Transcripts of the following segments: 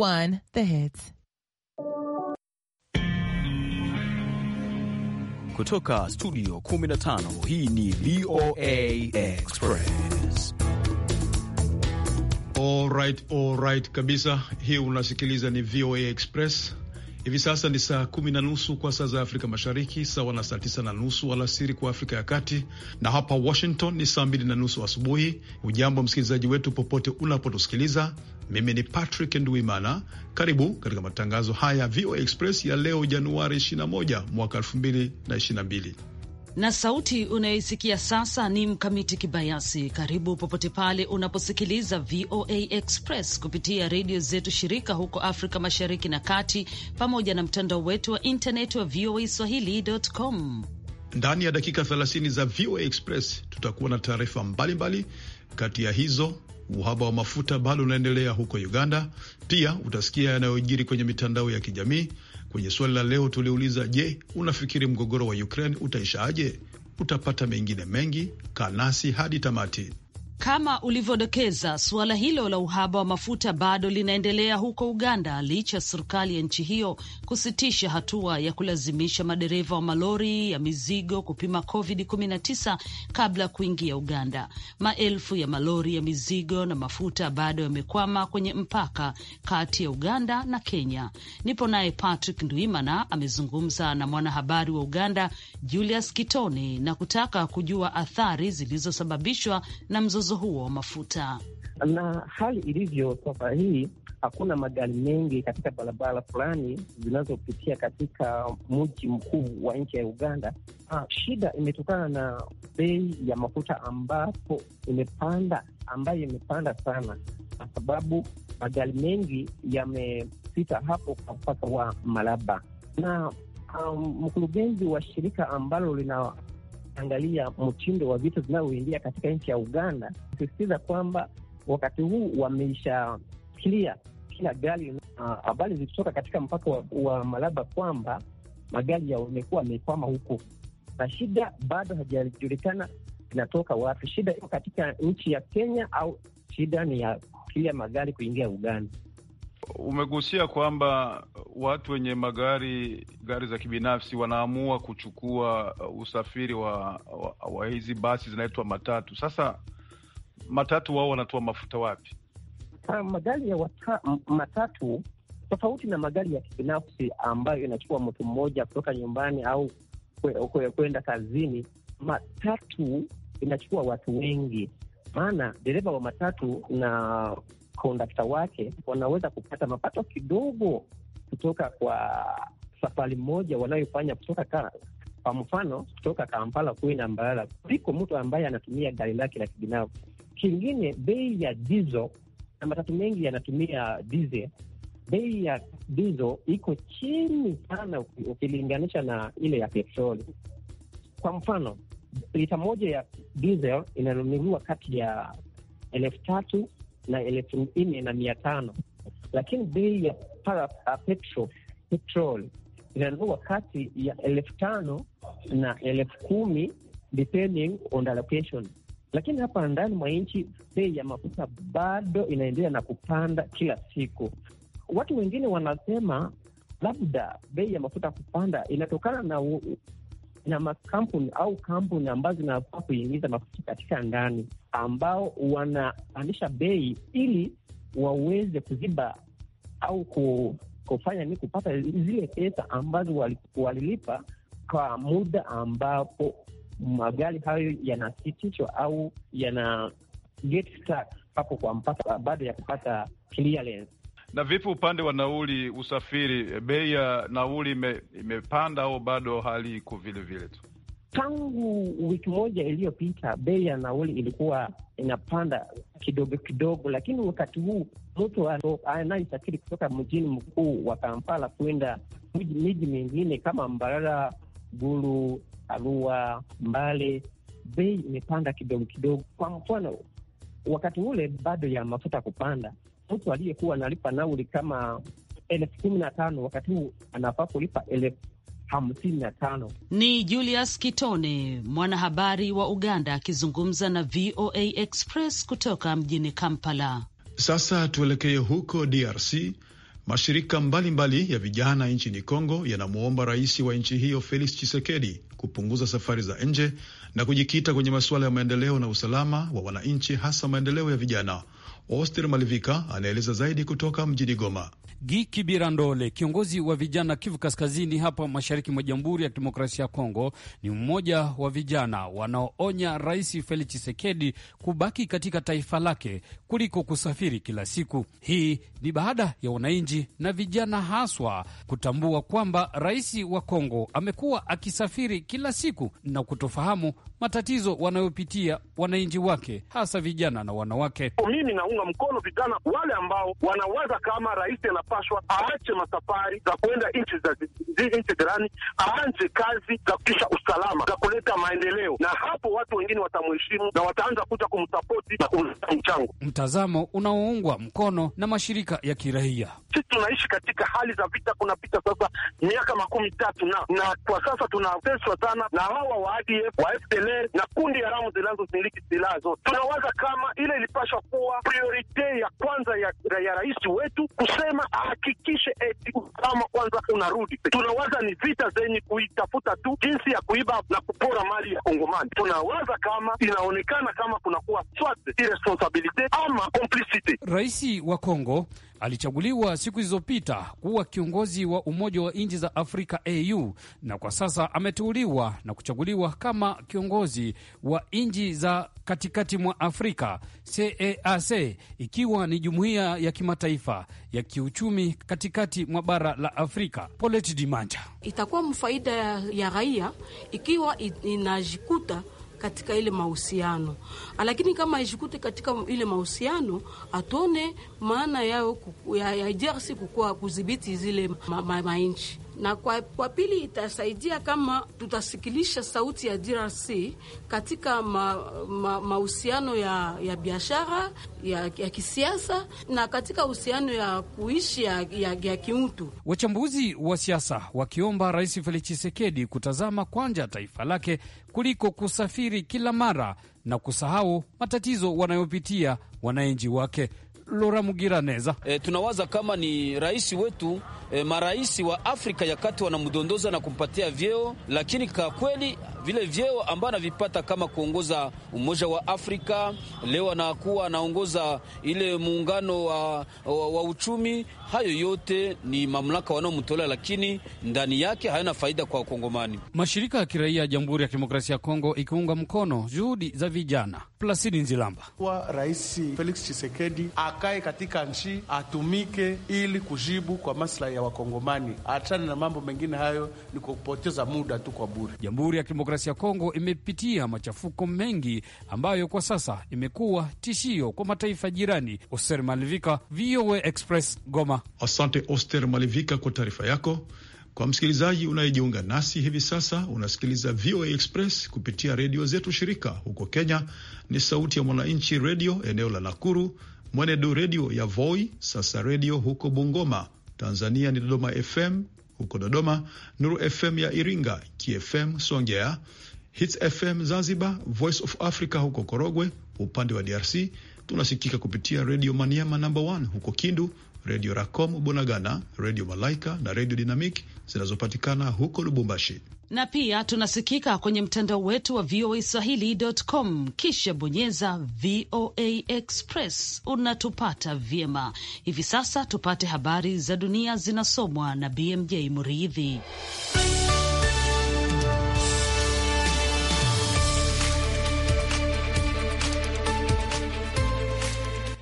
1, the hits. Kutoka studio 15 hii ni VOA Express. All right, all right kabisa. Hii unasikiliza ni VOA Express Hivi sasa ni saa kumi na nusu kwa saa za Afrika Mashariki, sawa na saa tisa na nusu alasiri kwa Afrika ya Kati, na hapa Washington ni saa mbili na nusu asubuhi. Ujambo msikilizaji wetu popote unapotusikiliza. Mimi ni Patrick Nduimana, karibu katika matangazo haya VOA Express ya leo Januari 21 mwaka 2022 na sauti unayoisikia sasa ni Mkamiti Kibayasi. Karibu popote pale unaposikiliza VOA Express kupitia redio zetu shirika huko Afrika Mashariki na Kati, pamoja na mtandao wetu wa intaneti wa VOA Swahili.com. Ndani ya dakika 30 za VOA Express tutakuwa na taarifa mbalimbali. Kati ya hizo, uhaba wa mafuta bado unaendelea huko Uganda. Pia utasikia yanayojiri kwenye mitandao ya kijamii Kwenye swali la leo tuliuliza, je, unafikiri mgogoro wa Ukraine utaishaje? Utapata mengine mengi, kanasi hadi tamati. Kama ulivyodokeza, suala hilo la uhaba wa mafuta bado linaendelea huko Uganda licha ya serikali ya nchi hiyo kusitisha hatua ya kulazimisha madereva wa malori ya mizigo kupima COVID-19 kabla ya kuingia Uganda. Maelfu ya malori ya mizigo na mafuta bado yamekwama kwenye mpaka kati ya Uganda na Kenya. Nipo naye Patrick Ndwimana amezungumza na mwanahabari wa Uganda Julius Kitone na kutaka kujua athari zilizosababishwa na mzozo mzozo huo wa mafuta. Na hali ilivyo sasa hii hakuna magari mengi katika barabara fulani zinazopitia katika mji mkuu wa nchi ya Uganda. Ha, ah, shida imetokana na bei ya mafuta ambapo imepanda, ambayo imepanda sana, kwa sababu magari mengi yamepita hapo kwa mpaka wa Malaba na um, mkurugenzi wa shirika ambalo lina angalia mtindo wa vitu vinavyoingia katika nchi ya Uganda, sisitiza kwamba wakati huu wameisha clear kila gari. Uh, habari uh, zilitoka katika mpaka wa, wa Malaba kwamba magari yamekuwa amekwama huko, na shida bado hajajulikana inatoka wapi. Shida iko katika nchi ya Kenya au shida ni ya kile magari kuingia Uganda? Umegusia kwamba watu wenye magari gari za kibinafsi wanaamua kuchukua uh, usafiri wa, wa, wa hizi basi zinaitwa matatu. Sasa matatu wao wanatoa mafuta wapi? Ha, ah, magari ya wata, matatu tofauti na magari ya kibinafsi ambayo inachukua mtu mmoja kutoka nyumbani au kwenda kwe, kwe kazini. Matatu inachukua watu wengi, maana dereva wa matatu na kondakta wake wanaweza kupata mapato kidogo kutoka kwa safari moja wanayofanya kutoka ka, kwa mfano kutoka Kampala kwenda Mbarara kuliko mtu ambaye anatumia gari lake la kibinafsi. Kingine, bei ya dizo na matatu mengi yanatumia dize. Bei ya dizo iko chini sana ukilinganisha na ile ya petroli. Kwa mfano, lita moja ya dizel inanunuliwa kati ya elfu tatu na elfu nne na mia tano lakini bei ya petro uh, petroli kati ya elfu tano na elfu kumi depending on the location. Lakini hapa ndani mwa nchi bei ya mafuta bado inaendelea na kupanda kila siku. Watu wengine wanasema labda bei ya mafuta kupanda inatokana na na makampuni au kampuni ambazo zinafaa kuingiza mafuta katika ndani, ambao wanapandisha bei ili waweze kuziba au kufanya ni kupata zile pesa ambazo walilipa kwa muda ambapo magari hayo yanasitishwa au yana get stuck hapo kwa mpaka baada ya kupata clearance. Na vipi upande wa nauli, usafiri, bei ya nauli ime, imepanda au bado hali iko vile vile tu? Tangu wiki moja iliyopita bei ya nauli ilikuwa inapanda kidogo kidogo, lakini wakati huu mtu anayesafiri kutoka mjini mkuu wa Kampala kwenda miji mingine kama Mbarara, Gulu, Arua, Mbale, bei imepanda kidogo kidogo. Kwa mfano, wakati ule bado ya mafuta kupanda, mtu aliyekuwa analipa nauli kama elfu kumi na tano wakati huu anafaa kulipa elfu hamsini na tano. Ni Julius Kitone, mwanahabari wa Uganda, akizungumza na VOA Express kutoka mjini Kampala. Sasa tuelekee huko DRC. Mashirika mbalimbali mbali ya vijana nchini Kongo yanamwomba rais wa nchi hiyo Felix Tshisekedi kupunguza safari za nje na kujikita kwenye masuala ya maendeleo na usalama wa wananchi, hasa maendeleo ya vijana. Oster Malivika anaeleza zaidi kutoka mjini Goma. Gikibira Ndole, kiongozi wa vijana Kivu Kaskazini hapa mashariki mwa Jamhuri ya Kidemokrasia ya Kongo, ni mmoja wa vijana wanaoonya Rais Felix Tshisekedi kubaki katika taifa lake kuliko kusafiri kila siku. Hii ni baada ya wananchi na vijana haswa kutambua kwamba rais wa Kongo amekuwa akisafiri kila siku na kutofahamu matatizo wanayopitia wananchi wake hasa vijana na wanawake. Mimi naunga mkono vijana wale ambao wanawaza kama rais anapashwa aache masafari za kuenda nchi za nchi jirani, aanze kazi za kutisha usalama za kuleta maendeleo, na hapo watu wengine watamheshimu na wataanza kuja kumsapoti na kumleta mchango, mtazamo unaoungwa mkono na mashirika ya kiraia. Sisi tunaishi katika hali za vita, kunapita sasa miaka makumi tatu na na kwa sasa tunateswa sana na hawa wa ADF wa FDLR na kundi haramu zinazomiliki silaha zote. Tunawaza kama ile ilipashwa kuwa priorite ya kwanza ya, ya rais wetu kusema hakikishe eti usalama kwanza unarudi. Tunawaza ni vita zenye kuitafuta tu jinsi ya kuiba na kupora mali ya Kongomani. Tunawaza kama inaonekana kama kunakuwa irresponsabilite ama complicity. Raisi wa Kongo alichaguliwa siku zilizopita kuwa kiongozi wa Umoja wa Nchi za Afrika AU, na kwa sasa ameteuliwa na kuchaguliwa kama kiongozi wa nchi za katikati mwa Afrika CEAC, ikiwa ni jumuiya ya kimataifa ya kiuchumi katikati mwa bara la Afrika. Polet Dimanja, itakuwa mfaida ya raia ikiwa inajikuta katika ile mahusiano, ah, lakini kama ishikute katika ile mahusiano atone maana yao ya, ya jersi kukua kudhibiti zile mainchi ma, ma, ma na kwa, kwa pili itasaidia kama tutasikilisha sauti ya DRC katika mahusiano ma, ma ya, ya biashara ya, ya kisiasa na katika uhusiano ya kuishi ya, ya, ya kiutu. Wachambuzi wa siasa wakiomba Rais Felix Tshisekedi kutazama kwanja taifa lake kuliko kusafiri kila mara na kusahau matatizo wanayopitia wananchi wake. Lora Mugiraneza. E, eh, tunawaza kama ni rais wetu e, marais wa Afrika ya kati wanamdondoza na kumpatia vyeo, lakini kwa kweli vile vyeo ambao anavipata kama kuongoza Umoja wa Afrika, leo anakuwa anaongoza ile muungano wa, wa, wa uchumi. Hayo yote ni mamlaka wanaomtolea, lakini ndani yake hayana faida kwa Wakongomani. Mashirika ya kiraia ya Jamhuri ya Kidemokrasia ya Kongo ikiunga mkono juhudi za vijana. Plasidi Nzilamba wa Rais Felix Chisekedi akae katika nchi atumike, ili kujibu kwa maslahi ya Wakongomani, achane na mambo mengine, hayo ni kupoteza muda tu kwa bure. Jamhuri ya Kidemokrasia ya Kongo imepitia machafuko mengi ambayo kwa sasa imekuwa tishio kwa mataifa jirani. Oster Malivika, VOA Express, Goma. Asante Oster Malivika kwa taarifa yako. Kwa msikilizaji unayejiunga nasi hivi sasa, unasikiliza VOA Express kupitia redio zetu shirika. Huko Kenya ni Sauti ya Mwananchi redio eneo la Nakuru, Mwenedu redio ya Voi, Sasa redio huko Bungoma. Tanzania ni Dodoma FM, huko Dodoma, Nuru FM ya Iringa, KFM Songea, Hits FM Zanzibar, Voice of Africa huko Korogwe. Upande wa DRC tunasikika kupitia Radio Maniema namba 1 huko Kindu Redio Racom Bunagana, Redio Malaika na Redio Dynamic zinazopatikana huko Lubumbashi na pia tunasikika kwenye mtandao wetu wa VOA Swahili.com. Kisha bonyeza VOA Express, unatupata vyema hivi sasa. Tupate habari za dunia zinasomwa na BMJ Muridhi.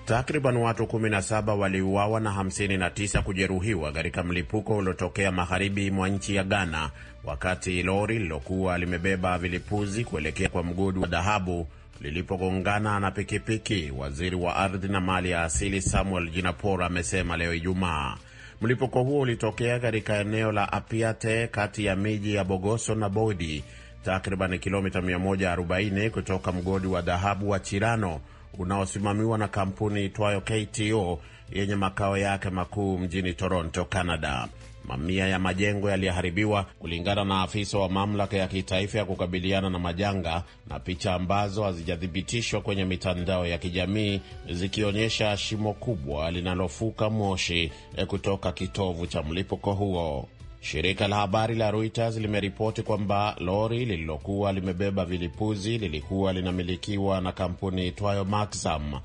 Takriban watu 17 waliuawa na 59 kujeruhiwa katika mlipuko uliotokea magharibi mwa nchi ya Ghana wakati lori lilokuwa limebeba vilipuzi kuelekea kwa mgodi wa dhahabu lilipogongana na pikipiki. Waziri wa ardhi na mali ya asili Samuel Jinapora amesema leo Ijumaa mlipuko huo ulitokea katika eneo la Apiate kati ya miji ya Bogoso na Bodi, takriban kilomita 140 kutoka mgodi wa dhahabu wa Chirano unaosimamiwa na kampuni itwayo KTO yenye makao yake makuu mjini Toronto, Canada. Mamia ya majengo yaliyoharibiwa kulingana na afisa wa mamlaka ya kitaifa ya kukabiliana na majanga, na picha ambazo hazijathibitishwa kwenye mitandao ya kijamii zikionyesha shimo kubwa linalofuka moshi eh, kutoka kitovu cha mlipuko huo. Shirika la habari la Reuters limeripoti kwamba lori lililokuwa limebeba vilipuzi lilikuwa linamilikiwa na kampuni itwayo Maxam.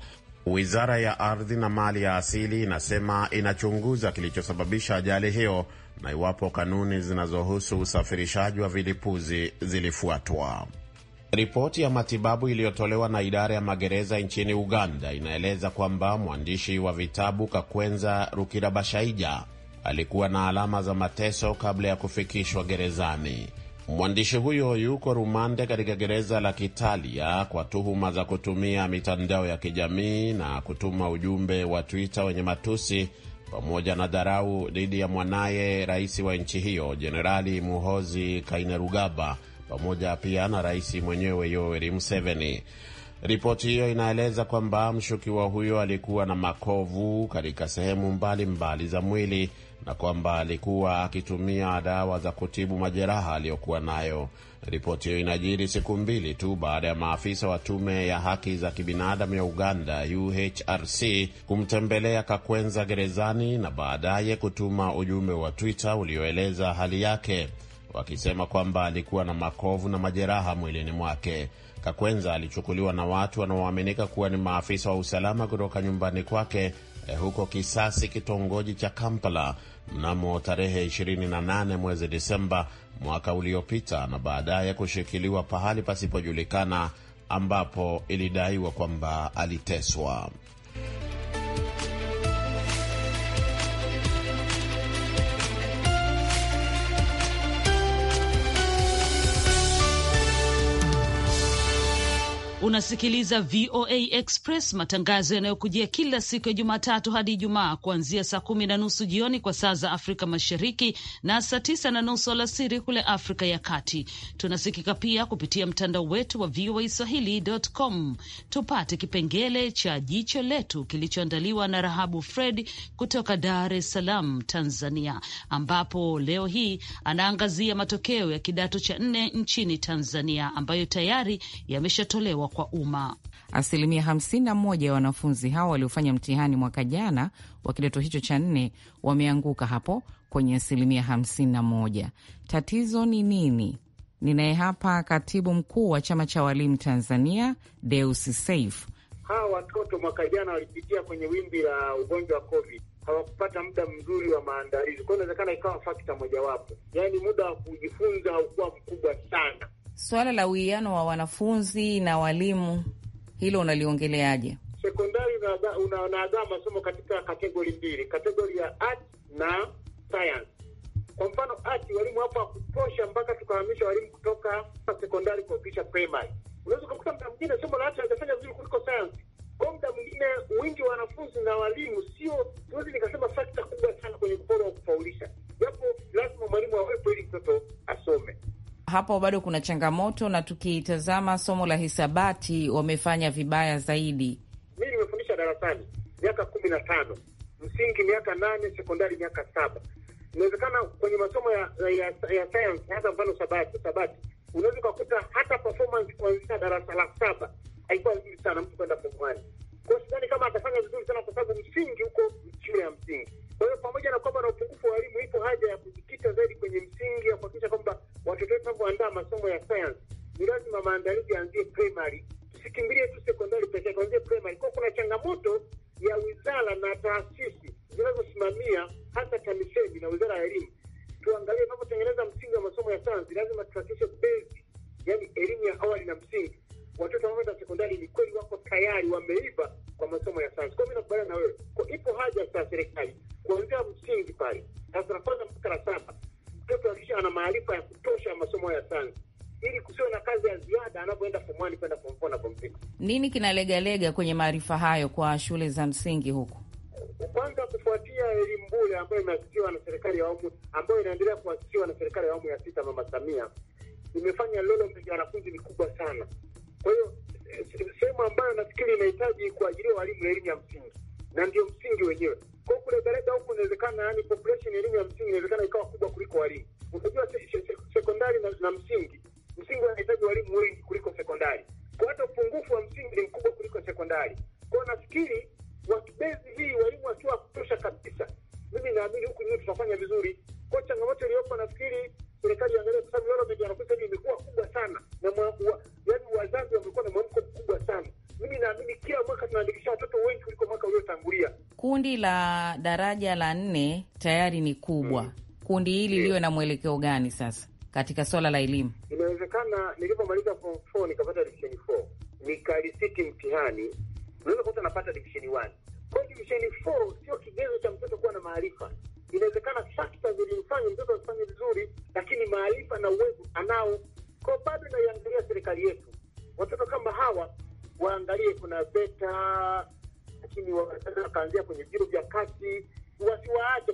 Wizara ya ardhi na mali ya asili inasema inachunguza kilichosababisha ajali hiyo na iwapo kanuni zinazohusu usafirishaji wa vilipuzi zilifuatwa. Ripoti ya matibabu iliyotolewa na idara ya magereza nchini Uganda inaeleza kwamba mwandishi wa vitabu Kakwenza Rukirabashaija alikuwa na alama za mateso kabla ya kufikishwa gerezani. Mwandishi huyo yuko rumande katika gereza la Kitalia kwa tuhuma za kutumia mitandao ya kijamii na kutuma ujumbe wa Twitter wenye matusi pamoja na dharau dhidi ya mwanaye rais wa nchi hiyo Jenerali Muhozi Kainerugaba, pamoja pia na rais mwenyewe Yoweri Museveni. Ripoti hiyo inaeleza kwamba mshukiwa huyo alikuwa na makovu katika sehemu mbalimbali mbali za mwili na kwamba alikuwa akitumia dawa za kutibu majeraha aliyokuwa nayo. Ripoti hiyo inajiri siku mbili tu baada ya maafisa wa tume ya haki za kibinadamu ya Uganda UHRC kumtembelea Kakwenza gerezani na baadaye kutuma ujumbe wa Twitter ulioeleza hali yake wakisema kwamba alikuwa na makovu na majeraha mwilini mwake. Kakwenza alichukuliwa na watu wanaoaminika kuwa ni maafisa wa usalama kutoka nyumbani kwake eh, huko Kisasi, kitongoji cha Kampala mnamo tarehe 28 mwezi disemba mwaka uliopita na baadaye kushikiliwa pahali pasipojulikana ambapo ilidaiwa kwamba aliteswa. Unasikiliza VOA Express, matangazo yanayokujia kila siku ya Jumatatu hadi Ijumaa kuanzia saa kumi na nusu jioni kwa saa za Afrika Mashariki na saa tisa na nusu alasiri kule Afrika ya Kati. Tunasikika pia kupitia mtandao wetu wa VOA Swahili.com. Tupate kipengele cha jicho letu kilichoandaliwa na Rahabu Fred kutoka Dar es Salaam, Tanzania, ambapo leo hii anaangazia matokeo ya kidato cha nne nchini Tanzania ambayo tayari yameshatolewa kwa umma. Asilimia 51 ya wanafunzi hao waliofanya mtihani mwaka jana wa kidato hicho cha nne wameanguka hapo kwenye asilimia 51. Tatizo ni nini? Ninaye hapa katibu mkuu wa chama cha walimu Tanzania, Deus Saif. Hawa watoto mwaka jana walipitia kwenye wimbi la ugonjwa wa COVID, hawakupata muda mzuri wa maandalizi kwao, inawezekana ikawa fakta mojawapo, yaani muda wa kujifunza haukuwa mkubwa sana. Swala la uwiano wa wanafunzi na walimu hilo unaliongeleaje? Sekondari unaandaa masomo katika kategori mbili, kategori ya art na science. Kwa mfano art, walimu hapo hakutosha mpaka tukahamisha walimu kutoka sekondari kuwakilisha primary. Unaweza ukakuta mda mwingine somo la art halitafanya vizuri kuliko science. Kwa mda mwingine wingi wa wanafunzi na walimu sio, siwezi nikasema fact hapo bado kuna changamoto, na tukitazama somo la hisabati wamefanya vibaya zaidi. Mi nimefundisha darasani miaka kumi na tano msingi miaka nane sekondari miaka saba Inawezekana kwenye masomo ya ya, ya sayansi hasa mfano sabati, sabati unaweza ukakuta hata performance kuanzia darasa la saba lazima tuhakikishe bezi, yani elimu ya awali na msingi. Watoto wanaoenda sekondari ni kweli wako tayari wameiva kwa masomo ya sayansi. Kwa mi nakubaliana na wewe, ipo haja za serikali kuanzia msingi pale darasa la kwanza mpaka la saba, mtoto akisha ana maarifa ya kutosha ya masomo ya sayansi ili kusiwe na kazi ya ziada anapoenda form one kwenda form four na form six. Nini kinalegalega kwenye maarifa hayo kwa shule za msingi huku? Kwanza kufuatia elimu bure ambayo imeasisiwa na serikali ya awamu ambayo inaendelea kuasisiwa na serikali ya awamu ya sita, Mama Samia imefanya lolo ya wanafunzi ni kubwa sana. Kwa hiyo eh, sehemu ambayo nafikiri inahitaji kuajiriwa walimu ya elimu ya msingi na ndio msingi wenyewe. Kwa kule Dareda huku inawezekana, yani population elimu ya msingi inawezekana ikawa kubwa kuliko walimu. Unajua sekondari na, na msingi msingi unahitaji walimu wengi kuliko sekondari, kwa hata upungufu wa msingi ni mkubwa kuliko sekondari. Kwa nafikiri wakibezi hii walimu wakiwa kutosha kabisa, mimi naamini huku nyuma tutafanya vizuri. Kwa changamoto iliyopo, nafikiri serikali angalia, kwa sababu yoro ya wanafunzi hii imekuwa kubwa sana na mwa, yaani wazazi wamekuwa na mwamko mkubwa sana. Mimi naamini kila mwaka tunaandikisha watoto wengi kuliko mwaka uliotangulia. Kundi la daraja la nne tayari ni kubwa mm. Kundi hili liwe na mwelekeo gani sasa katika swala la elimu? Inawezekana nilivyomaliza form four nikapata leseni four nikalisiti mtihani anapata divisheni 1. Kwa hiyo divisheni 4 sio kigezo cha mtoto kuwa na maarifa. Inawezekana fakta zilimfanya mtoto asifanye vizuri, lakini maarifa na uwezo anao. Kwa bado inaiangalia serikali yetu, watoto kama hawa waangalie, kuna beta, lakini wakaanzia kwenye viro vya kati, wasiwaache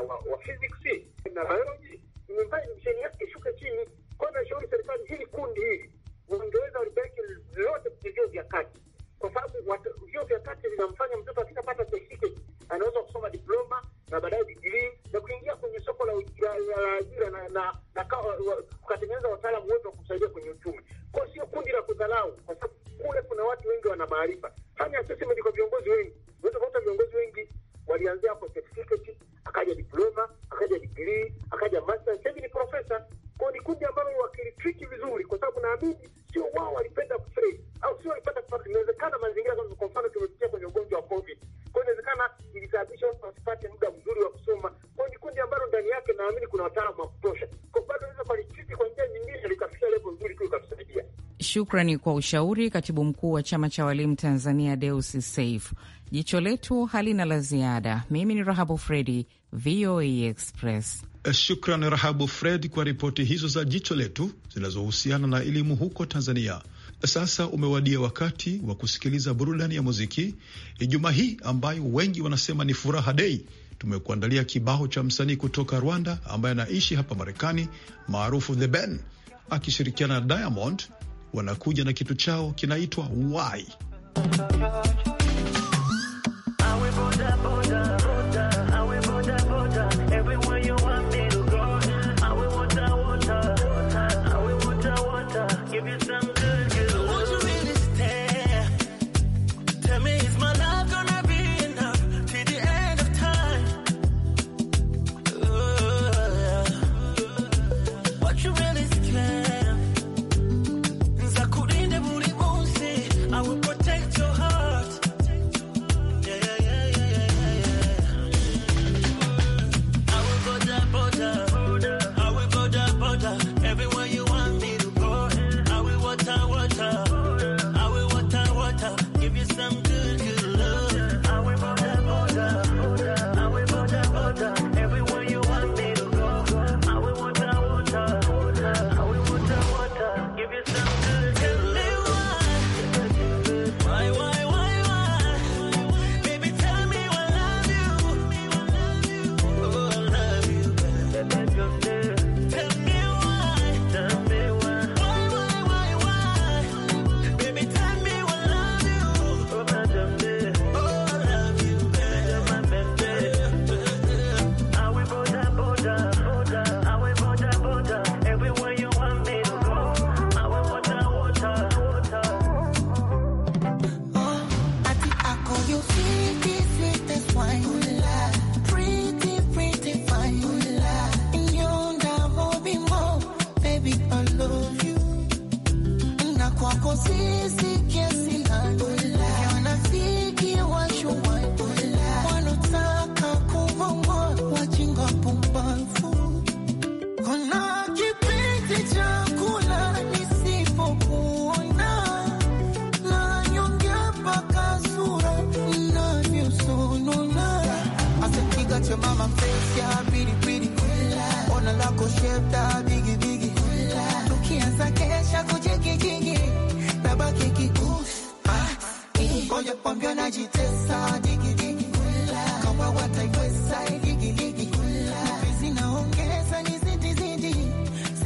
wa, wa physics na biology imefanya divisheni yake ishuke chini. Kwa hiyo nashauri serikali hili kundi hili wangeweza walipeleke vyote kwenye vyuo vya kati, kwa sababu vyuo vya kati vinamfanya mtoto akishapata certificate anaweza kusoma diploma na baadaye Shukrani kwa ushauri, katibu mkuu wa chama cha walimu Tanzania Deus Saif. Jicho letu halina la ziada. Mimi ni Rahabu Fredi, VOA Express. Shukran Rahabu Fred kwa ripoti hizo za jicho letu zinazohusiana na elimu huko Tanzania. Sasa umewadia wakati wa kusikiliza burudani ya muziki Ijumaa hii ambayo wengi wanasema ni furaha dei. Tumekuandalia kibao cha msanii kutoka Rwanda ambaye anaishi hapa Marekani, maarufu The Ben, akishirikiana na Diamond wanakuja na kitu chao kinaitwa wai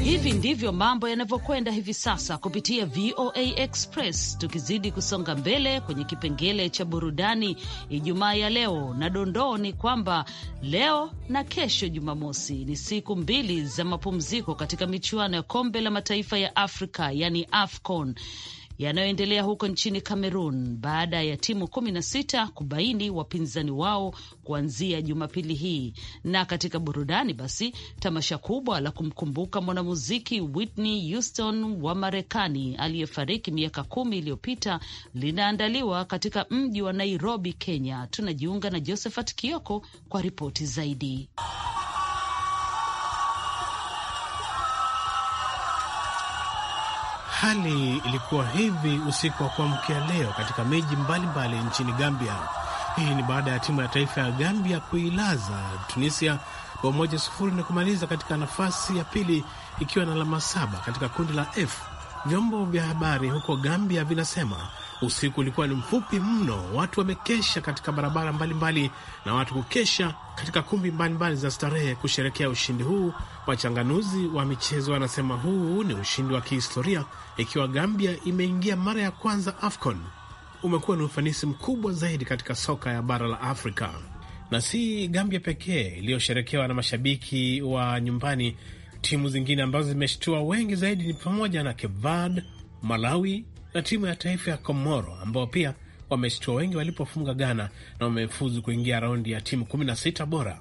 Hivi ndivyo mambo yanavyokwenda hivi sasa kupitia VOA Express, tukizidi kusonga mbele kwenye kipengele cha burudani Ijumaa ya leo, na dondoo ni kwamba leo na kesho Jumamosi ni siku mbili za mapumziko katika michuano ya kombe la mataifa ya Afrika, yani AFCON yanayoendelea huko nchini Cameroon baada ya timu kumi na sita kubaini wapinzani wao kuanzia Jumapili hii. Na katika burudani, basi tamasha kubwa la kumkumbuka mwanamuziki Whitney Houston wa Marekani aliyefariki miaka kumi iliyopita linaandaliwa katika mji wa Nairobi, Kenya. Tunajiunga na Josephat Kioko kwa ripoti zaidi. Hali ilikuwa hivi usiku wa kuamkia leo katika miji mbalimbali nchini Gambia. Hii ni baada ya timu ya taifa ya Gambia kuilaza Tunisia bao moja sufuri na kumaliza katika nafasi ya pili ikiwa na alama saba katika kundi la F. Vyombo vya habari huko Gambia vinasema Usiku ulikuwa ni mfupi mno, watu wamekesha katika barabara mbalimbali mbali, na watu kukesha katika kumbi mbalimbali mbali za starehe kusherekea ushindi huu. Wachanganuzi wa michezo wanasema huu ni ushindi wa kihistoria, ikiwa Gambia imeingia mara ya kwanza AFCON. Umekuwa ni ufanisi mkubwa zaidi katika soka ya bara la Afrika, na si Gambia pekee iliyosherekewa na mashabiki wa nyumbani. Timu zingine ambazo zimeshtua wengi zaidi ni pamoja na Cape Verde, Malawi, na timu ya taifa ya Komoro ambao pia wameshtua wengi walipofunga Ghana na wamefuzu kuingia raundi ya timu 16 bora.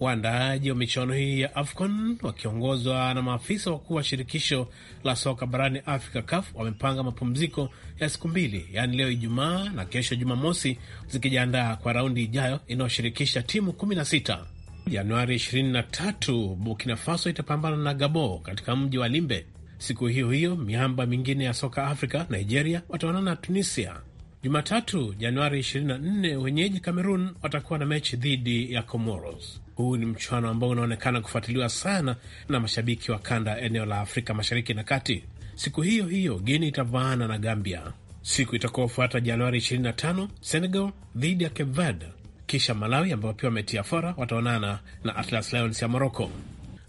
Waandaaji wa michuano hii ya AFCON wakiongozwa na maafisa wakuu wa shirikisho la soka barani Afrika, CAF, wamepanga mapumziko ya siku mbili, yaani leo Ijumaa na kesho Jumamosi, zikijiandaa kwa raundi ijayo inayoshirikisha timu 16. Januari 23, Burkina Faso itapambana na Gabo katika mji wa Limbe. Siku hiyo hiyo miamba mingine ya soka Afrika, Nigeria wataonana na Tunisia. Jumatatu Januari 24, wenyeji Cameroon watakuwa na mechi dhidi ya Comoros. Huu ni mchuano ambao unaonekana kufuatiliwa sana na mashabiki wa kanda eneo la Afrika mashariki na kati. Siku hiyo hiyo Guinea itavaana na Gambia. Siku itakaofuata Januari 25, Senegal dhidi ya Cape Verde, kisha Malawi ambao pia wametia fora wataonana na Atlas Lions ya Morocco.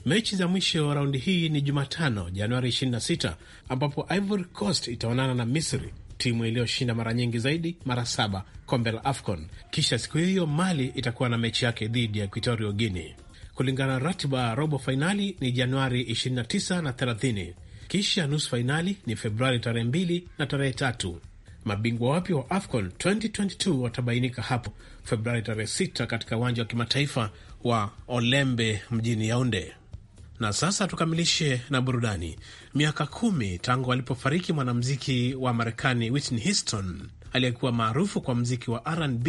Mechi za mwisho wa raundi hii ni Jumatano, Januari 26 ambapo Ivory Coast itaonana na Misri, timu iliyoshinda mara nyingi zaidi, mara saba, kombe la AFCON. Kisha siku hiyo Mali itakuwa na mechi yake dhidi ya Equatorial Guinea. Kulingana na ratiba, robo fainali ni Januari 29 na 30, kisha nusu fainali ni Februari tarehe 2 na tarehe 3. Mabingwa wapya wa AFCON 2022 watabainika hapo Februari tarehe 6 katika uwanja wa kimataifa wa Olembe mjini Yaunde. Na sasa tukamilishe na burudani. Miaka kumi tangu alipofariki mwanamziki wa Marekani Whitney Houston aliyekuwa maarufu kwa mziki wa RnB,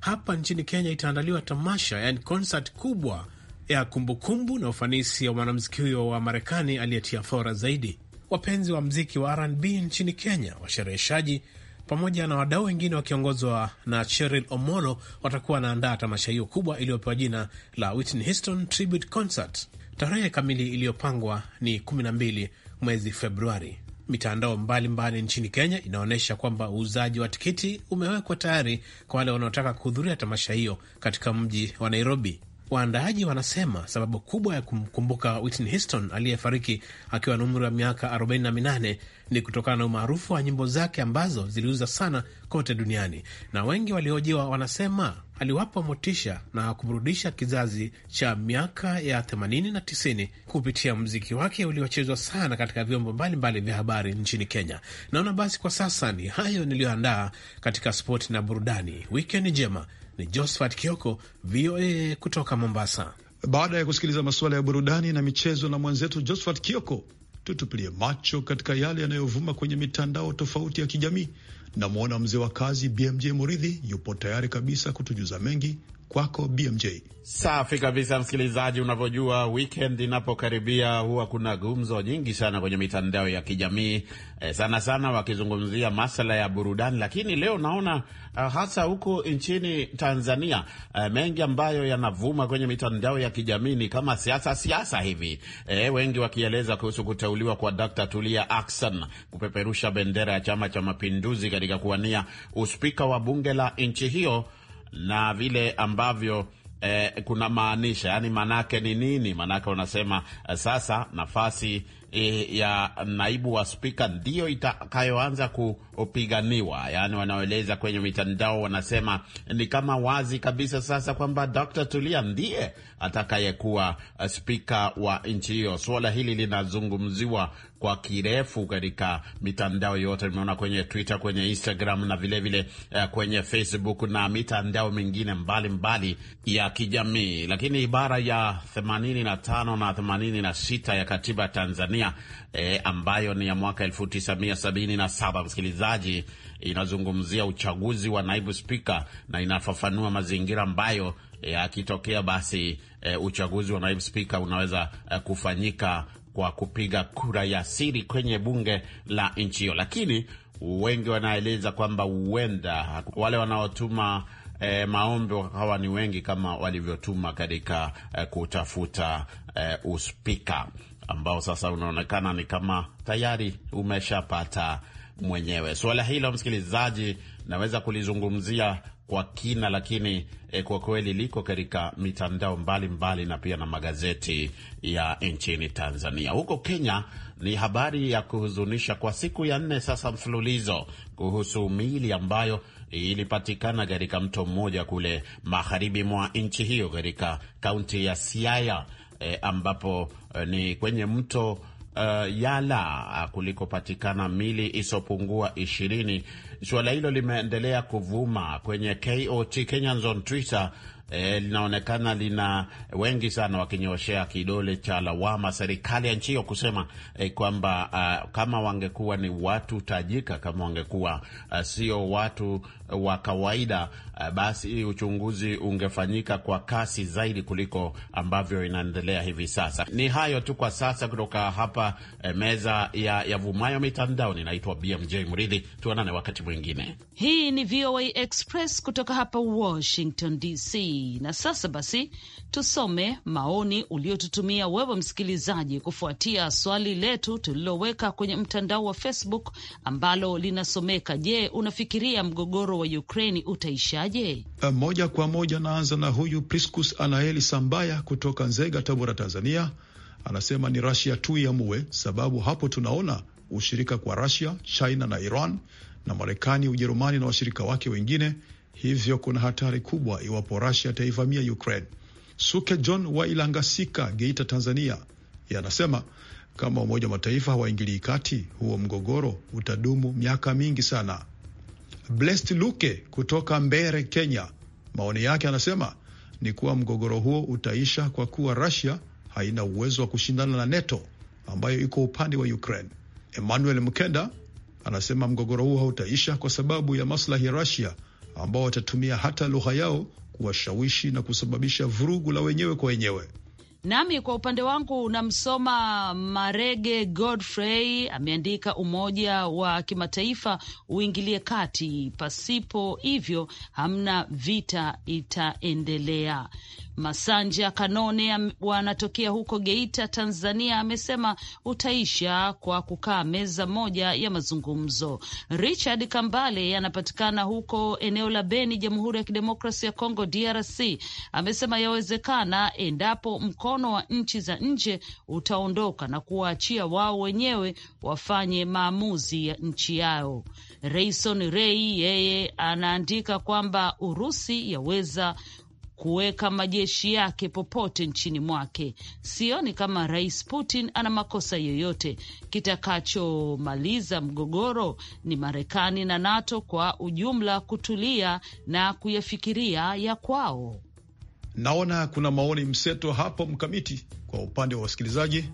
hapa nchini Kenya itaandaliwa tamasha, yani konsert kubwa ya kumbukumbu kumbu na ufanisi wa mwanamziki huyo wa Marekani aliyetia fora zaidi. Wapenzi wa mziki wa RnB nchini Kenya, washereheshaji pamoja na wadau wengine wakiongozwa na Cheryl Omolo watakuwa wanaandaa tamasha hiyo kubwa iliyopewa jina la Whitney Houston Tribute Concert. Tarehe kamili iliyopangwa ni 12 mwezi Februari. Mitandao mbalimbali nchini Kenya inaonyesha kwamba uuzaji wa tikiti umewekwa tayari kwa wale wanaotaka kuhudhuria tamasha hiyo katika mji wa Nairobi. Waandaaji wanasema sababu kubwa ya kumkumbuka Whitney Houston aliyefariki akiwa na umri wa miaka 48 ni kutokana na umaarufu wa nyimbo zake ambazo ziliuza sana kote duniani, na wengi waliojiwa wanasema aliwapa motisha na kumrudisha kizazi cha miaka ya 80 na 90 kupitia mziki wake uliochezwa sana katika vyombo mbalimbali vya habari nchini Kenya. Naona basi kwa sasa ni hayo niliyoandaa katika spoti na burudani. Wikendi njema. Ni Josphat Kioko, VOA kutoka Mombasa. Baada ya kusikiliza masuala ya burudani na michezo na mwenzetu Josphat Kioko, tutupilie macho katika yale yanayovuma kwenye mitandao tofauti ya kijamii. Namwona mzee wa kazi BMJ Muridhi yupo tayari kabisa kutujuza mengi Kwako BMJ. Safi kabisa, msikilizaji. Unavyojua, weekend inapokaribia huwa kuna gumzo nyingi sana kwenye mitandao ya kijamii e, sana sana wakizungumzia masala ya burudani, lakini leo naona uh, hasa huko nchini Tanzania uh, mengi ambayo yanavuma kwenye mitandao ya kijamii ni kama siasa siasa hivi e, wengi wakieleza kuhusu kuteuliwa kwa Dr. Tulia Aksan kupeperusha bendera ya Chama cha Mapinduzi katika kuwania uspika wa bunge la nchi hiyo na vile ambavyo eh, kuna maanisha yani, manake ni nini? Manake wanasema eh, sasa nafasi eh, ya naibu wa spika ndiyo itakayoanza kupiganiwa. Yani wanaoeleza kwenye mitandao wanasema ni kama wazi kabisa sasa kwamba Dr. Tulia ndiye atakayekuwa uh, spika wa nchi hiyo. Suala hili linazungumziwa kwa kirefu katika mitandao yote. Nimeona kwenye Twitter, kwenye Instagram na vilevile vile, uh, kwenye Facebook na mitandao mingine mbalimbali mbali ya kijamii. Lakini ibara ya 85 na 86 ya katiba ya Tanzania e, ambayo ni ya mwaka 1977 msikilizaji, inazungumzia uchaguzi wa naibu spika na inafafanua mazingira ambayo e, akitokea basi e, uchaguzi wa naibu spika unaweza e, kufanyika kwa kupiga kura ya siri kwenye bunge la nchi hiyo, lakini wengi wanaeleza kwamba huenda wale wanaotuma e, maombi hawa ni wengi kama walivyotuma katika e, kutafuta e, uspika ambao sasa unaonekana ni kama tayari umeshapata mwenyewe. Suala hilo msikilizaji, naweza kulizungumzia kwa kina, lakini eh, kwa kweli liko katika mitandao mbalimbali mbali na pia na magazeti ya nchini Tanzania. Huko Kenya ni habari ya kuhuzunisha kwa siku ya nne sasa mfululizo kuhusu miili ambayo ilipatikana katika mto mmoja kule magharibi mwa nchi hiyo katika kaunti ya Siaya, eh, ambapo Eh, ni kwenye mto Uh, Yala eh, kulikopatikana mili isiyopungua ishirini. Suala hilo limeendelea kuvuma kwenye KOT, Kenyans on Twitter. E, linaonekana lina wengi sana wakinyoshea kidole cha lawama serikali ya nchi hiyo kusema e, kwamba kama wangekuwa ni watu tajika, kama wangekuwa sio watu wa kawaida, eh, basi uchunguzi ungefanyika kwa kasi zaidi kuliko ambavyo inaendelea hivi sasa. Ni hayo tu kwa sasa kutoka hapa eh, meza ya yavumayo mitandaoni. Naitwa BMJ Mridhi, tuonane wakati mwingine. Hii ni VOA Express kutoka hapa Washington DC. Na sasa basi tusome maoni uliotutumia wewe msikilizaji, kufuatia swali letu tuliloweka kwenye mtandao wa Facebook ambalo linasomeka: Je, unafikiria mgogoro wa Ukraini utaishaje? Eh, moja kwa moja naanza na huyu Priscus Anaeli Sambaya kutoka Nzega, Tabora, Tanzania. Anasema ni rasia tu iamue, sababu hapo tunaona ushirika kwa rasia China na Iran na Marekani, Ujerumani na washirika wake wengine, hivyo kuna hatari kubwa iwapo rasia ataivamia Ukraine. Suke John wa Ilangasika, Geita, Tanzania, yanasema kama Umoja wa Mataifa hawaingilii kati, huo mgogoro utadumu miaka mingi sana. Blessed Luke kutoka Mbere, Kenya, maoni yake anasema ni kuwa mgogoro huo utaisha kwa kuwa Russia haina uwezo wa kushindana na NATO ambayo iko upande wa Ukraine. Emmanuel Mkenda anasema mgogoro huo hautaisha kwa sababu ya maslahi ya Russia ambao watatumia hata lugha yao kuwashawishi na kusababisha vurugu la wenyewe kwa wenyewe. Nami kwa upande wangu namsoma Marege Godfrey ameandika, Umoja wa Kimataifa uingilie kati, pasipo hivyo hamna vita itaendelea. Masanja Kanone wanatokea huko Geita, Tanzania, amesema utaisha kwa kukaa meza moja ya mazungumzo. Richard Kambale anapatikana huko eneo la Beni, Jamhuri ya Kidemokrasi ya Kongo, DRC, amesema yawezekana endapo mko mkono wa nchi za nje utaondoka na kuwaachia wao wenyewe wafanye maamuzi ya nchi yao. Rayson rei yeye anaandika kwamba Urusi yaweza kuweka majeshi yake popote nchini mwake. Sioni kama Rais Putin ana makosa yoyote. Kitakachomaliza mgogoro ni Marekani na NATO kwa ujumla kutulia na kuyafikiria ya kwao. Naona kuna maoni mseto hapo mkamiti kwa upande wa wasikilizaji.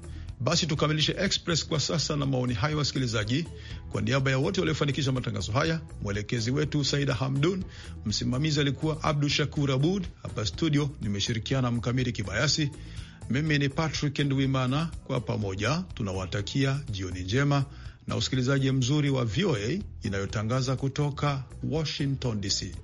Basi tukamilishe Express kwa sasa na maoni hayo wasikilizaji. Kwa niaba ya wote waliofanikisha matangazo haya, mwelekezi wetu Saida Hamdun, msimamizi alikuwa Abdu Shakur Abud. Hapa studio nimeshirikiana Mkamili Kibayasi. Mimi ni Patrick Ndwimana. Kwa pamoja tunawatakia jioni njema na usikilizaji mzuri wa VOA inayotangaza kutoka Washington DC.